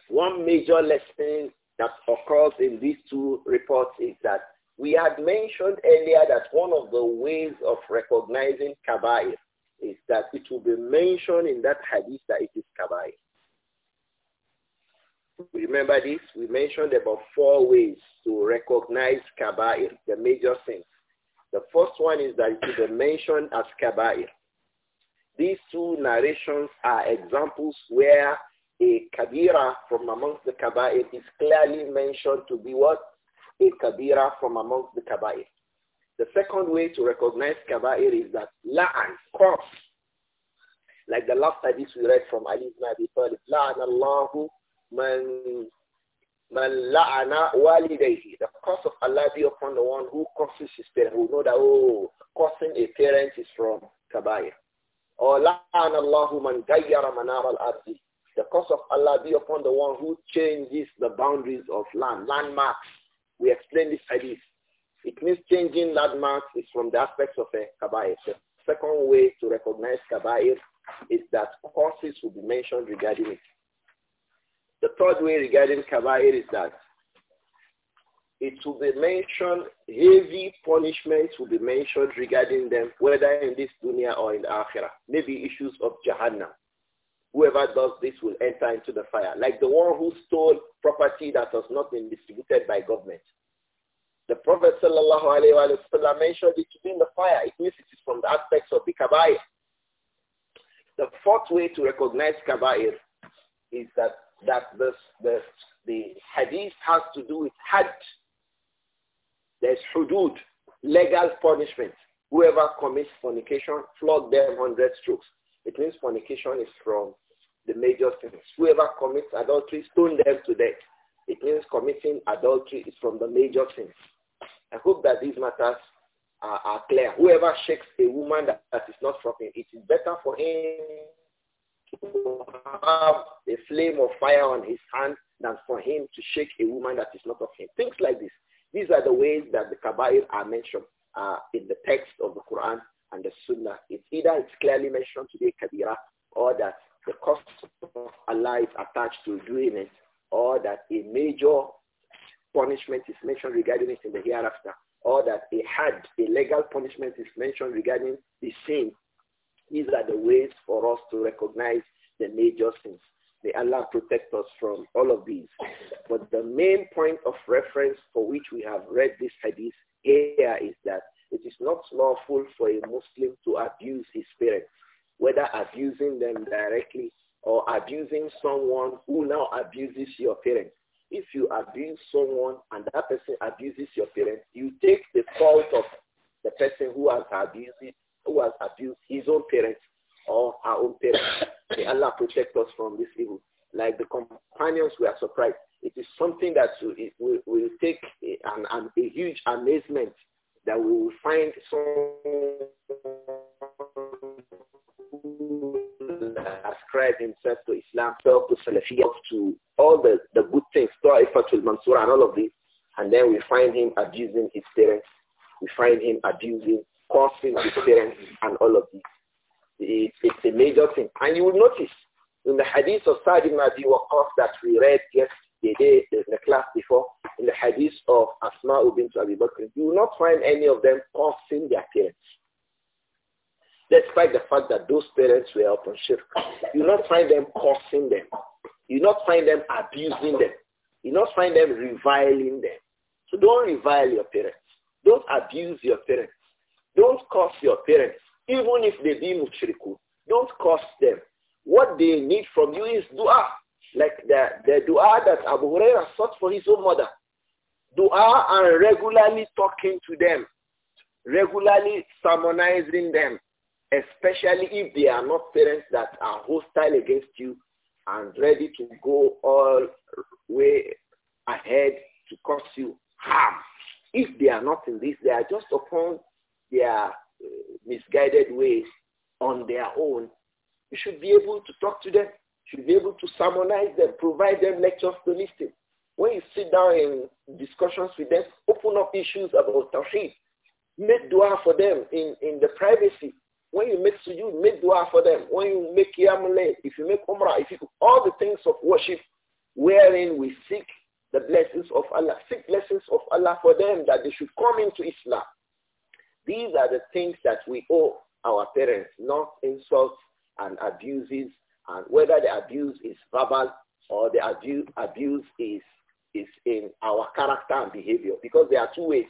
S1: One major lesson that occurs in these two reports is that we had mentioned earlier that one of the ways of recognizing kabair is that it will be mentioned in that hadith that it is kabair. Remember this? We mentioned about four ways to recognize kaba'ir, the major sins. The first one is that it is mentioned as kaba'ir. These two narrations are examples where a kabira from amongst the kaba'ir is clearly mentioned to be what? A kabira from amongst the kaba'ir. The second way to recognize kaba'ir is that la'an, curse. Like the last hadith we read from Ali ibn Abi Talib, la'an Allahu man man la'ana walidayhi. The curse of Allah be upon the one who curses his parents. Who know that, oh, cursing a parent is from kabair. Or la'ana Allahu man gayyara manar al-ardi. The curse of Allah be upon the one who changes the boundaries of land, landmarks. We explain this hadith. It means changing landmarks is from the aspects of a kabair. The second way to recognize kabair is that curses will be mentioned regarding it. The third way regarding Kabair is that it will be mentioned, heavy punishments will be mentioned regarding them, whether in this dunya or in the akhirah. Maybe issues of Jahannam. Whoever does this will enter into the fire. Like the one who stole property that has not been distributed by government. The Prophet ﷺ mentioned it to be in the fire. It means it is from the aspects of the kabair. The fourth way to recognize kabair is that that this, the, the hadith has to do with had. There's hudud, legal punishment. Whoever commits fornication, flog them 100 strokes. It means fornication is from the major sins. Whoever commits adultery, stone them to death. It means committing adultery is from the major sins. I hope that these matters are, are clear. Whoever shakes a woman that, that is not from him, it is better for him have a flame of fire on his hand than for him to shake a woman that is not of him. Things like this. These are the ways that the Kaba'ir are mentioned uh, in the text of the Quran and the Sunnah. It's either it's clearly mentioned today Kabira or that the cost of Allah is attached to doing it or that a major punishment is mentioned regarding it in the hereafter or that a had, a legal punishment is mentioned regarding the sin these are the ways for us to recognize the major sins. May Allah protect us from all of these. But the main point of reference for which we have read this hadith here is that it is not lawful for a Muslim to abuse his parents, whether abusing them directly or abusing someone who now abuses your parents. If you abuse someone and that person abuses your parents, you take the fault of the person who has abused who has abused his own parents or our own parents. May Allah protect us from this evil. Like the companions we are surprised. It is something that will, will take an, an, a huge amazement that we will find someone ascribe himself to Islam, to Salafiyah, to all the, the good things, with Mansura, and all of this. And then we find him abusing his parents. We find him abusing cursing his parents and all of this. it's a major thing. And you will notice in the hadith of Sa'd ibn Abi that we read yesterday in the class before, in the hadith of Asma ibn Abi Bakr, you will not find any of them cursing their parents. Despite the fact that those parents were upon shirk, you will not find them cursing them. You will not find them abusing them. You will not find them reviling them. So don't revile your parents. Don't abuse your parents. Don't curse your parents, even if they be mushriku. Don't curse them. What they need from you is dua, like the, the dua that Abu Huraira sought for his own mother. Dua and regularly talking to them, regularly sermonizing them, especially if they are not parents that are hostile against you and ready to go all way ahead to cause you harm. If they are not in this, they are just upon their uh, misguided ways on their own, you should be able to talk to them, you should be able to sermonize them, provide them lectures to listen. When you sit down in discussions with them, open up issues about Tawheed. Make dua for them in, in the privacy. When you make sujood, make dua for them. When you make yamale, if you make umrah, if you do all the things of worship wherein we seek the blessings of Allah, seek blessings of Allah for them that they should come into Islam. These are the things that we owe our parents, not insults and abuses, and whether the abuse is verbal or the abuse, abuse is, is in our character and behavior. Because there are two ways.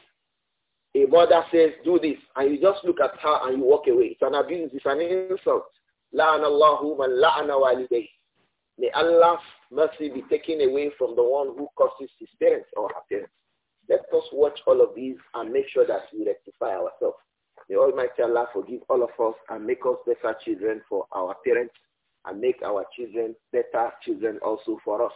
S1: A mother says, do this, and you just look at her and you walk away. It's an abuse. It's an insult. لَعَنَ اللَّهُ مَنْ لَعَنَ May Allah's mercy be taken away from the one who curses his parents or her parents. Let us watch all of these and make sure that we rectify ourselves. May Almighty Allah forgive all of us and make us better children for our parents and make our children better children also for us.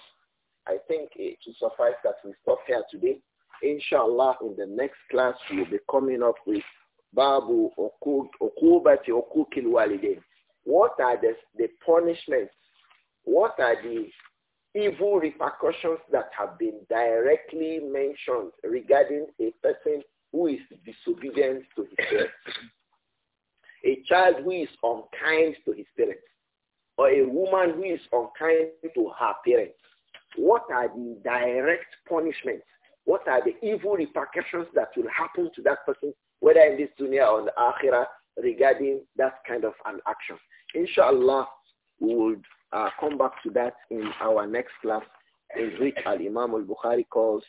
S1: I think it will suffice that we stop here today. Inshallah, in the next class, we'll be coming up with Babu Okubati Okukil What are the, the punishments? What are the evil repercussions that have been directly mentioned regarding a person who is disobedient to his parents, a child who is unkind to his parents, or a woman who is unkind to her parents. What are the direct punishments? What are the evil repercussions that will happen to that person, whether in this dunya or in the akhirah, regarding that kind of an action? Inshallah, we would uh, come back to that in our next class, in which Al-Imam al-Bukhari calls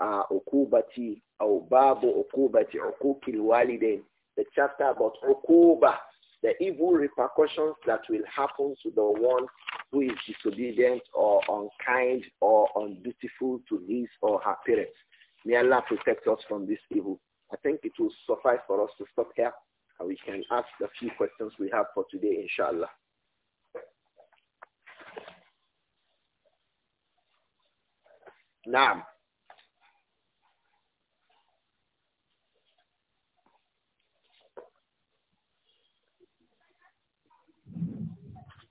S1: Ukubati uh, or Babu Ukubati Ukukil Walidain, the chapter about Ukuba, the evil repercussions that will happen to the one who is disobedient or unkind or undutiful to his or her parents. May Allah protect us from this evil. I think it will suffice for us to stop here and we can ask the few questions we have for today, inshallah. نعم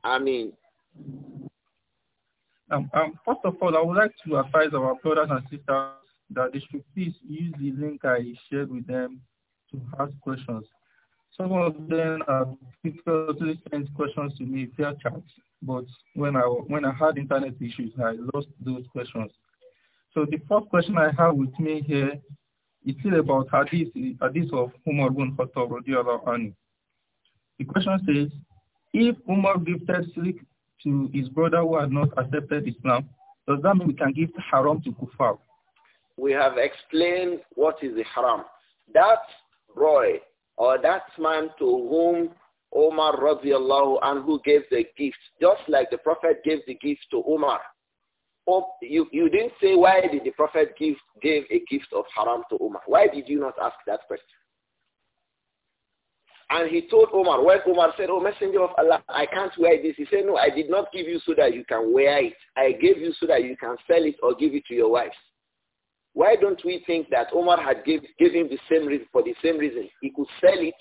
S1: I mean, um, um, first of all, I would like to advise our brothers and sisters that they should please use the link I shared with
S2: them to ask questions. Some of them have frequently sent questions to me via chat, but when I when I had internet issues, I lost those questions. So the first question I have with me here is still about hadith, hadith of Umar bin Khattab anhu. The question says,
S1: if Umar gifted silk to his brother who had not accepted Islam, does that mean we can give haram to kuffar? We have explained what is the haram. That boy or that man to whom Umar radiallahu anhu gave the gift, just like the Prophet gave the gift to Umar you, you didn't say why did the prophet give, gave a gift of haram to Omar. Why did you not ask that question? And he told Omar, when Omar said, oh, messenger of Allah, I can't wear this. He said, no, I did not give you so that you can wear it. I gave you so that you can sell it or give it to your wives. Why don't we think that Omar had gave, gave him the same reason for the same reason? He could sell it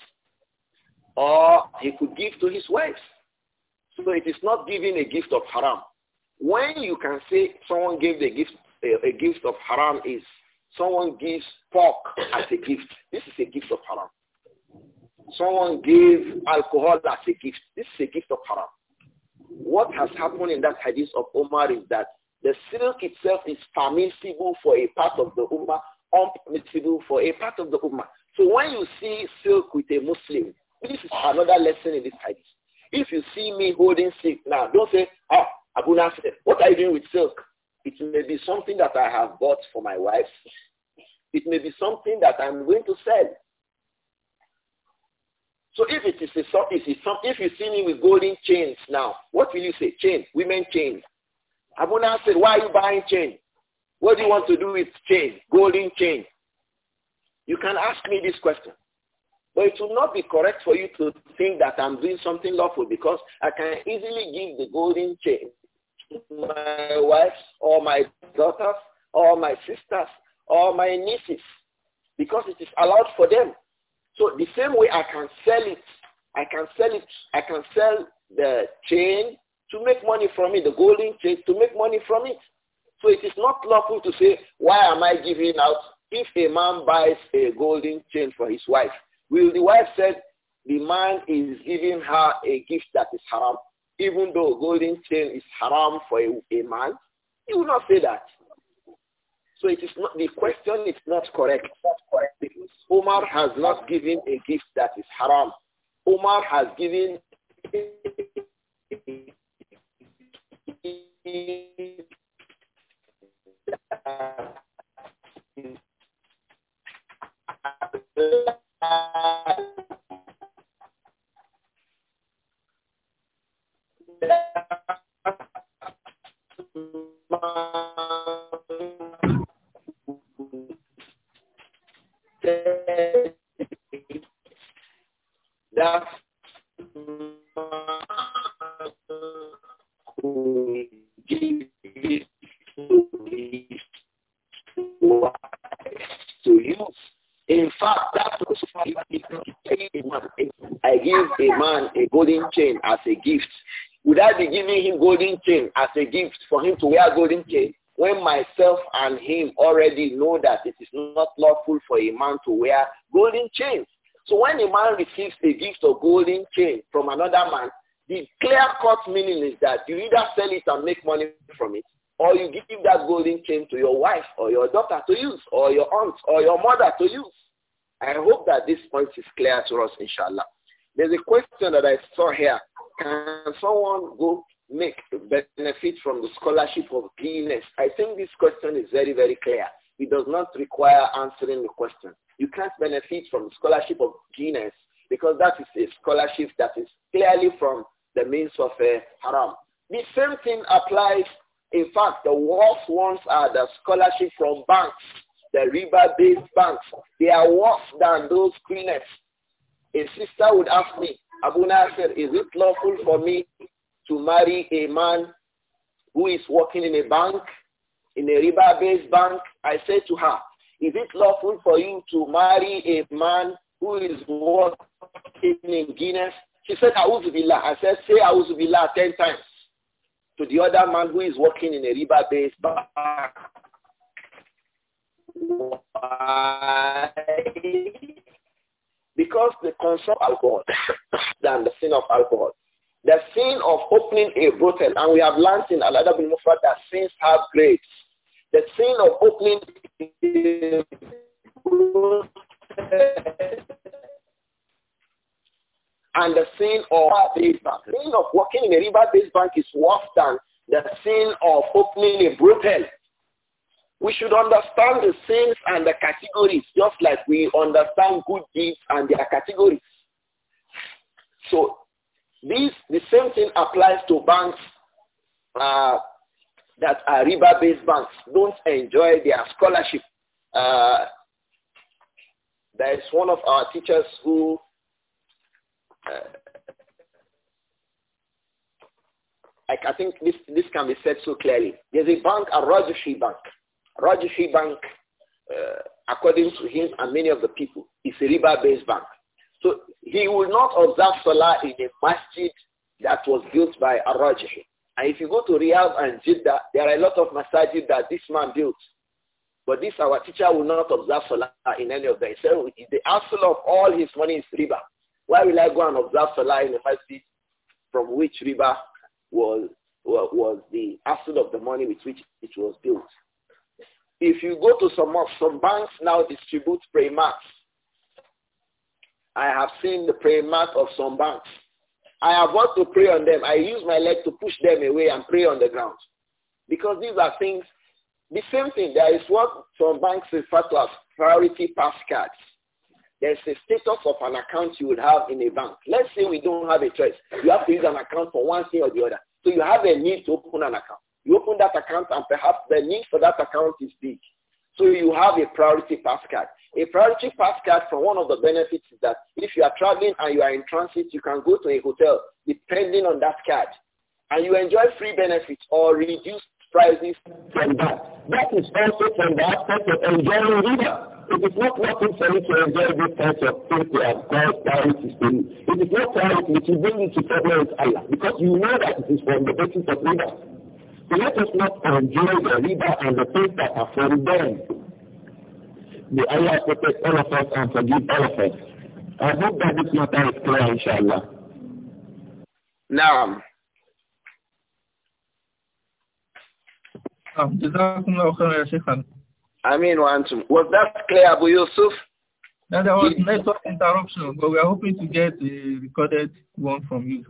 S1: or he could give to his wives. So it is not giving a gift of haram. When you can say someone gave the gift, a, a gift of haram is someone gives pork as a gift. This is a gift of haram. Someone gave alcohol as a gift. This is a gift of haram. What has happened in that hadith of Omar is that the silk itself is permissible for a part of the ummah, unpermissible for a part of the ummah. So when you see silk with a Muslim, this is another lesson in this hadith. If you see me holding silk now, don't say, ah, Abu Nasr said, what are you doing with silk? It may be something that I have bought for my wife. It may be something that I'm going to sell. So if it is a, if, it's some, if you see me with golden chains now, what will you say? Chain, women chain. Abu Nasr why are you buying chain? What do you want to do with chain, golden chain? You can ask me this question. But it will not be correct for you to think that I'm doing something lawful because I can easily give the golden chain my wife or my daughters or my sisters or my nieces because it is allowed for them. So the same way I can sell it, I can sell it, I can sell the chain to make money from it, the golden chain to make money from it. So it is not lawful to say, why am I giving out if a man buys a golden chain for his wife? Will the wife said, the man is giving her a gift that is haram? even though golden chain is haram for a, a man, you will not say that. So it is not, the question is not correct. Omar has not given a gift that is haram. Omar has given golden chain as a gift for him to wear golden chain when myself and him already know that it is not lawful for a man to wear golden chains. So when a man receives a gift of golden chain from another man, the clear-cut meaning is that you either sell it and make money from it, or you give that golden chain to your wife or your daughter to use, or your aunt or your mother to use. I hope that this point is clear to us, inshallah. There's a question that I saw here. Can someone go make benefit from the scholarship of genius. I think this question is very, very clear. It does not require answering the question. You can't benefit from the scholarship of genius because that is a scholarship that is clearly from the means of a uh, haram. The same thing applies, in fact, the worst ones are the scholarship from banks, the river-based banks. They are worse than those genius. A sister would ask me, Abu Nasir, is it lawful for me to marry a man who is working in a bank, in a river based bank, I said to her, is it lawful for you to marry a man who is working in Guinness? She said, Auzubillah. I said, say Auzubillah 10 times to the other man who is working in a river based bank. Why? Because the consumption of alcohol than the sin of alcohol. The sin of opening a brothel, and we have learned in Al-Adab mufrad that sins have grades. The sin of opening a and the sin of river bank. The sin of working in a river-based bank is worse than the sin of opening a brothel. We should understand the sins and the categories just like we understand good deeds and their categories. So this, the same thing applies to banks uh, that are river-based banks. Don't enjoy their scholarship. Uh, there is one of our teachers who uh, I, think this, this can be said so clearly. There's a bank, a Rajashi bank. Rajashi bank, uh, according to him and many of the people, is a river-based bank. So he will not observe Salah in a masjid that was built by a rajih And if you go to Riyadh and Jeddah, there are a lot of masajid that this man built. But this, our teacher will not observe Salah in any of them. So the hassle of all his money is riba. Why will I go and observe Salah in the masjid from which riba was, was the hassle of the money with which it was built? If you go to some, some banks now distribute marks I have seen the prayer mat of some banks. I avoid to pray on them. I use my leg to push them away and pray on the ground. Because these are things, the same thing. There is what some banks refer to as priority pass cards. There's a status of an account you would have in a bank. Let's say we don't have a choice. You have to use an account for one thing or the other. So you have a need to open an account. You open that account and perhaps the need for that account is big. So you have a priority pass card. A priority pass card for one of the benefits is that if you are traveling and you are in transit, you can go to a hotel depending on that card. And you enjoy free benefits or reduced prices from that. That is also from the aspect of enjoying river it is not working for you to enjoy these
S2: kinds of things they have God's priorities to you. It is not priority which is bring you to problem with Allah because you know that it is from the basis of river, So let us not enjoy the river and the things that are from them. May Allah protect all of us and forgive all of us. I hope that this matter is clear, inshallah.
S1: Now, I mean, was that clear, Abu Yusuf? No, there was
S2: network interruption, but we are hoping to get the recorded one from you.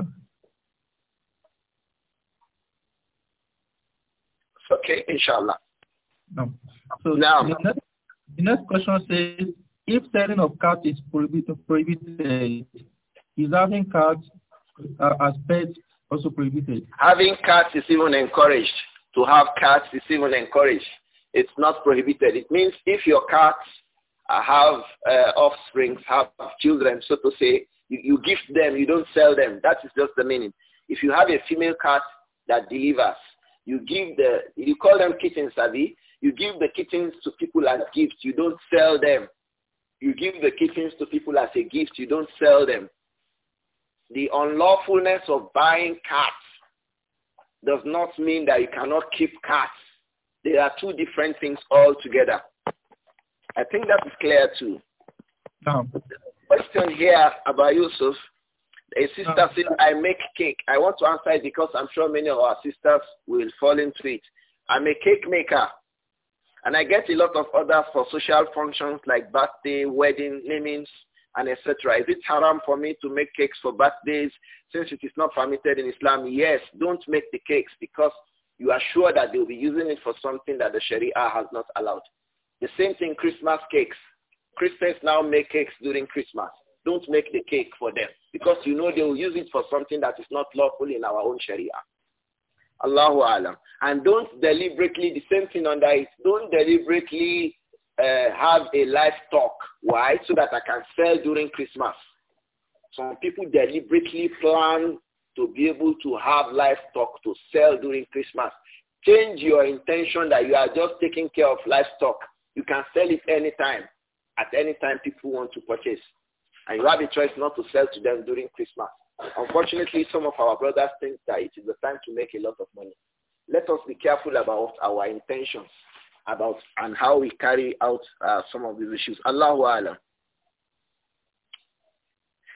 S1: Okay, inshallah.
S2: No. So now, the next the next question says, if selling of cats is prohibited, is having cats uh, as pets also prohibited?
S1: Having cats is even encouraged. To have cats is even encouraged. It's not prohibited. It means if your cats have uh, offspring, have children, so to say, you, you gift them, you don't sell them. That is just the meaning. If you have a female cat that delivers, you give the, you call them kittens, Abi, you give the kittens to people as gifts. You don't sell them. You give the kittens to people as a gift. You don't sell them. The unlawfulness of buying cats does not mean that you cannot keep cats. There are two different things altogether. I think that is clear too. No. Question here about Yusuf. A sister no. said, I make cake. I want to answer it because I'm sure many of our sisters will fall into it. I'm a cake maker. And I get a lot of orders for social functions like birthday, wedding, namings, and etc. Is it haram for me to make cakes for birthdays since it is not permitted in Islam? Yes, don't make the cakes because you are sure that they'll be using it for something that the Sharia has not allowed. The same thing, Christmas cakes. Christians now make cakes during Christmas. Don't make the cake for them because you know they will use it for something that is not lawful in our own Sharia. Allahu Alam. And don't deliberately, the same thing under it, don't deliberately uh, have a live stock. Why? So that I can sell during Christmas. Some people deliberately plan to be able to have livestock to sell during Christmas. Change your intention that you are just taking care of livestock. You can sell it anytime. At any time people want to purchase. And you have a choice not to sell to them during Christmas. Unfortunately, some of our brothers think that it is the time to make a lot of money. Let us be careful about our intentions about and how we carry out uh, some of these issues. Allahu Alam.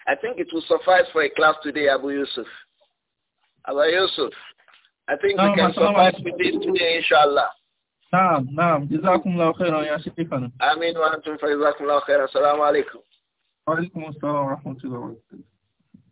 S1: I think it will suffice for a class today, Abu Yusuf. Abu Yusuf, I think no, we can suffice no, with this today, inshallah.
S2: نعم نعم جزاكم الله خيرا يا شيخنا
S1: آمين وأنتم فجزاكم الله خيرا alaikum.
S2: Wa alaikum السلام ورحمة wa وبركاته